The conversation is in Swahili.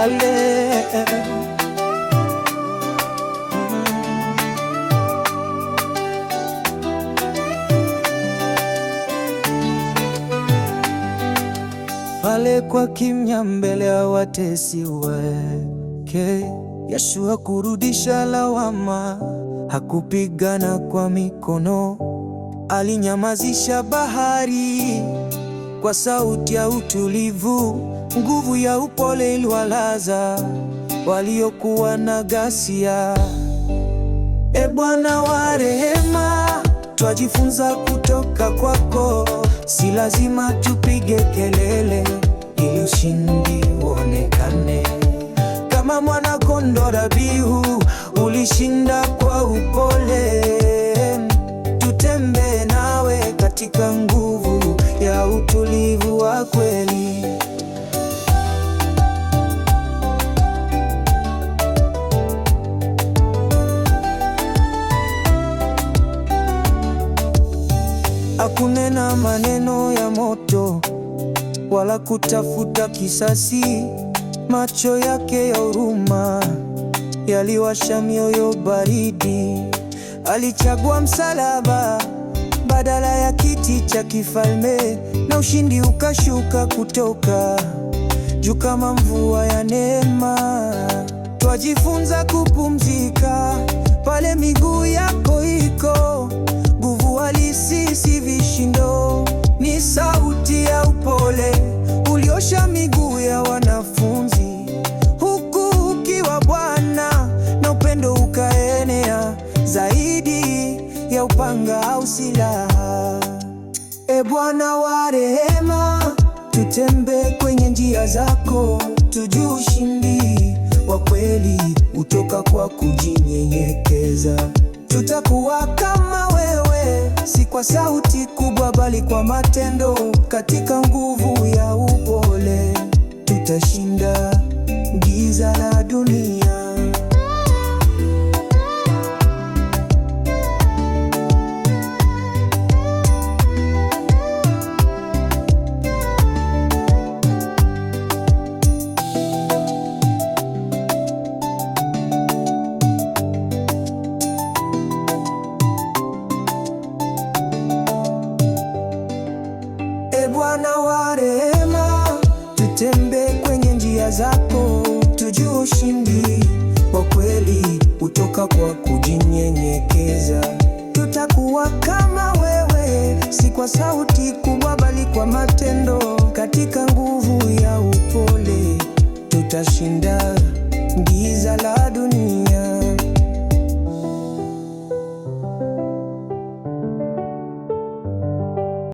yale pale kwa kimya mbele ya watesi wake. Yeshu hakurudisha lawama, hakupigana kwa mikono, alinyamazisha bahari kwa sauti ya utulivu, nguvu ya upole iliwalaza waliokuwa na ghasia. E Bwana wa rehema, twajifunza kutoka kwako, si lazima tupige kelele ili ushindi uonekane. Kama mwana kondoo dhabihu, ulishinda kwa upole, tutembee nawe katika nguvu Hakunena maneno ya moto wala kutafuta kisasi. Macho yake ya huruma yaliwasha mioyo baridi. Alichagua msalaba badala ya kiti cha kifalme, na ushindi ukashuka kutoka juu kama mvua ya neema. Twajifunza kupumzika pale miguu yako iko ya upanga au silaha. E Bwana wa rehema, tutembee kwenye njia zako, tujue ushindi wa kweli hutoka kwa kujinyenyekeza. Tutakuwa kama wewe, si kwa sauti kubwa, bali kwa matendo, katika nguvu ya upole tutashinda giza la dunia. ushindi wa kweli hutoka kwa kujinyenyekeza. Tutakuwa kama wewe, si kwa sauti kubwa, bali kwa matendo katika